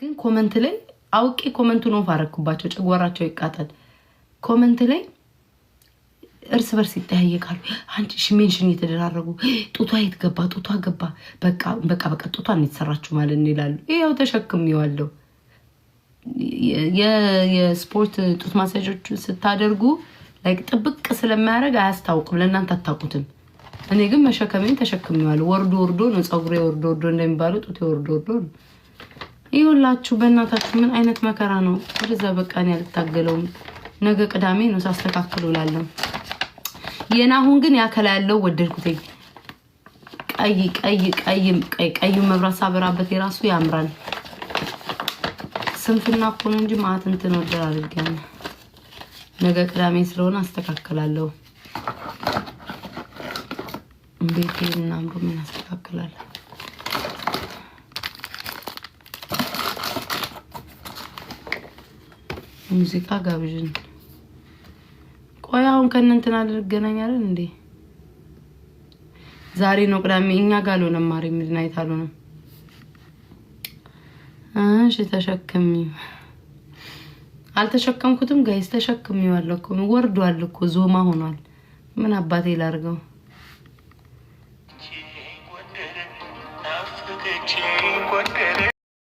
ግን ኮመንት ላይ አውቄ ኮመንቱ ነው ፋረኩባቸው። ጨጓራቸው ይቃጠል። ኮመንት ላይ እርስ በርስ ይጠያየቃሉ። አንቺ ሽሜንሽን እየተደራረጉ ጡቷ የት ገባ? ጡቷ ገባ። በቃ በቃ ጡቷን የተሰራችሁ ማለት ነው ይላሉ። ይኸው ይዋለው የስፖርት ጡት ማሳጆች ስታደርጉ ላይክ ጥብቅ ስለማያደርግ አያስታውቅም፣ ለእናንተ አታውቁትም። እኔ ግን መሸከሜን ተሸክሜዋለሁ። ወርዶ ወርዶ ነው ፀጉሬ፣ ወርዶ ወርዶ እንደሚባለው ጡቴ ወርዶ ወርዶ ነው። ይኸውላችሁ በእናታችሁ ምን አይነት መከራ ነው። ወደዛ በቃ እኔ አልታገለውም። ነገ ቅዳሜ ነው ሳስተካክል ውላለሁ። የናሁን ግን ያከላ ያለው ወደድኩት። ቀይ ቀይ ቀይ ቀይ መብራት ሳበራበት የራሱ ያምራል። ስንፍና እኮ ነው እንጂ ማአት እንትን ወደር አድርገን ነገ ቅዳሜ ስለሆነ አስተካክላለሁ። ቤቴ ምናምሮ ምን አስተካክላለሁ ሙዚቃ ጋብዥን። ቆይ አሁን ከእነ እንትን አልገናኛለን እንዴ? ዛሬ ነው ቅዳሜ። እኛ ጋር አልሆነም። ማሪ ሚድናይት አልሆነም። እሺ ተሸክሚ አልተሸከምኩትም። ጋይስ ተሸክሚዋለሁ እኮ ወርዷል እኮ ዞማ ሆኗል። ምን አባቴ ላርገው?